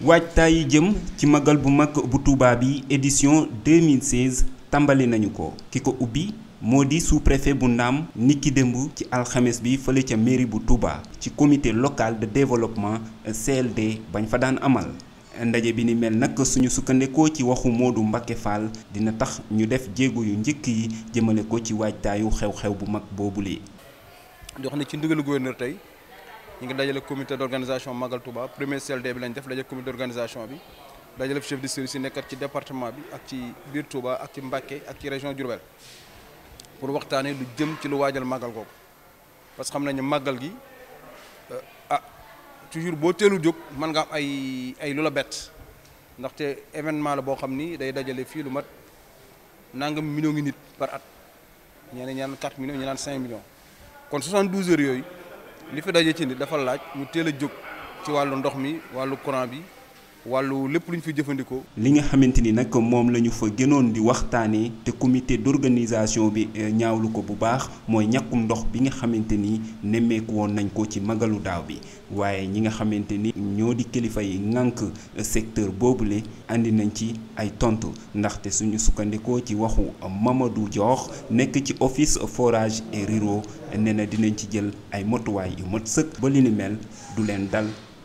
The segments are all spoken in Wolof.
yi jëm ci magal bu mag bu Touba bi édition 2016 tàmbali nañu ko ki ko ubbi moo di sous-préfet bu Ndaam niki démb ci alxames bi fële ca mairie bu Touba ci comité local de développement CLD bañ fa daan amal ndaje bi ni mel nag suñu sukkandikoo ci waxu moo Modou Mbacké Fall dina tax ñu def jéego yu njëkk yi jëmale ko ci waajtaayu xew-xew bu mag boobule. jox na ci ndigalu gouverneur tey. ñu ngi dajale comité d' organisation Magal Touba premier CLD bi lañ def dajale comité d' bi dajale chef de service yi nekkat ci département bi ak ci biir Touba ak ci Mbacké ak ci région Diourbel pour waxtaanee lu jëm ci lu waajal Magal googu parce que xam nañu Magal gi euh, ah toujours boo teelu jóg man nga am ay ay lu la bett ndaxte événement la boo xam ni day dajale fii lu mat nangam million ngi nit par at ñeneen ñaan 4 millions ñu naan 5 millions kon 72 heures yooyu. Ce fi daje ci nit dafa laaj ñu teel a ci courant wàllu lepp luñ fi jëfandikoo. li nga ni mom lañu fa gënoon di te comité d'organisation bi eh, ñaawlu ko bu baax moy ñàkkum ndox bi nga xamanteni ni nemmeeku nañ ko ci magalu daw bi waye ñi nga xamanteni ñoo di kilifa yi ngank eh, secteur bobule andi nañ ci ay tontu ndaxte suñu ci waxu Mamadou Dior office forage et Riro, néna na dinañ ci jël ay motuwaay yu mot sëkk ni mel du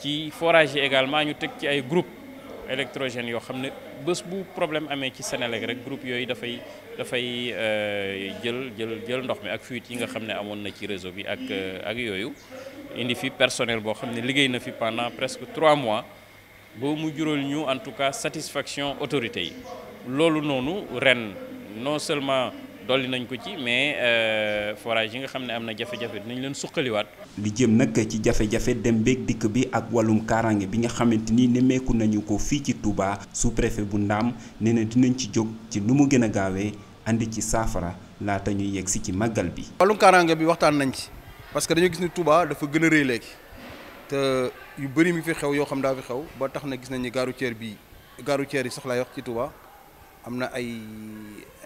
qui forage également nous avons ci groupe électrogène qui problème ci groupe euh, jël jël jël ndox mi ak fuite yi réseau bi ak euh, ak indi fi personnel pendant presque trois mois mu en tout cas satisfaction autorité ren non seulement dolli nañ ko ci mais euh, forage yi nga xam ne am na jafe-jafe dinañ leen suqaliwaat. li jëm nag ci jafe-jafe dem beeg dikk bi ak wallum kaaraange bi nga xamante ni nemmeeku nañu ko fii ci Touba sous-préfet bu Ndaam ne na dinañ ci jóg ci lu mu gën a gaawee indi ci saafara laata ñuy yegg si ci màggal bi. wàllum kaaraange bi waxtaan nañ ci parce que dañoo gis ni tubaa dafa gën a rëy léegi te yu bëri mu fi xew yoo xam daa fi xew ba tax na gis nañ ni gare bi gare yi sax laay ci Touba am na ay.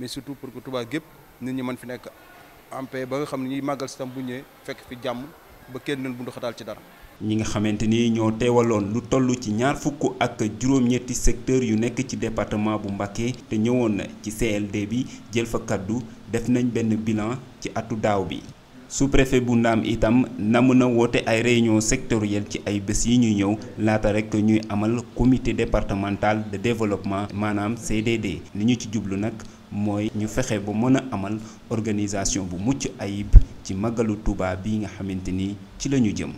mais surtout pour ko Touba gépp nit ñi mën fi nekk en ba nga xam ne ñuy màggal si tam bu fekk fi jàmm ba kenn leen bundu xataal ci dara. ñi nga xamante ni ñoo teewaloon lu toll ci ñaar fukk ak juróom-ñetti secteur yu nekk ci département bu Mbacké te ñëwoon na ci CLD bi jël fa kàddu def nañ benn bilan ci atu daaw bi. sous-préfet bu Ndaam itam namm na woote ay réunion sectorielle ci ay bés yi ñu ñëw laata rek ñuy amal comité départemental de développement maanaam CDD li ñu ci jublu nag. mooy ñu fexe ba mën a amal organisation bu mucc ayib ci màggalu tubaab bi nga xamante ni ci la ñu jëm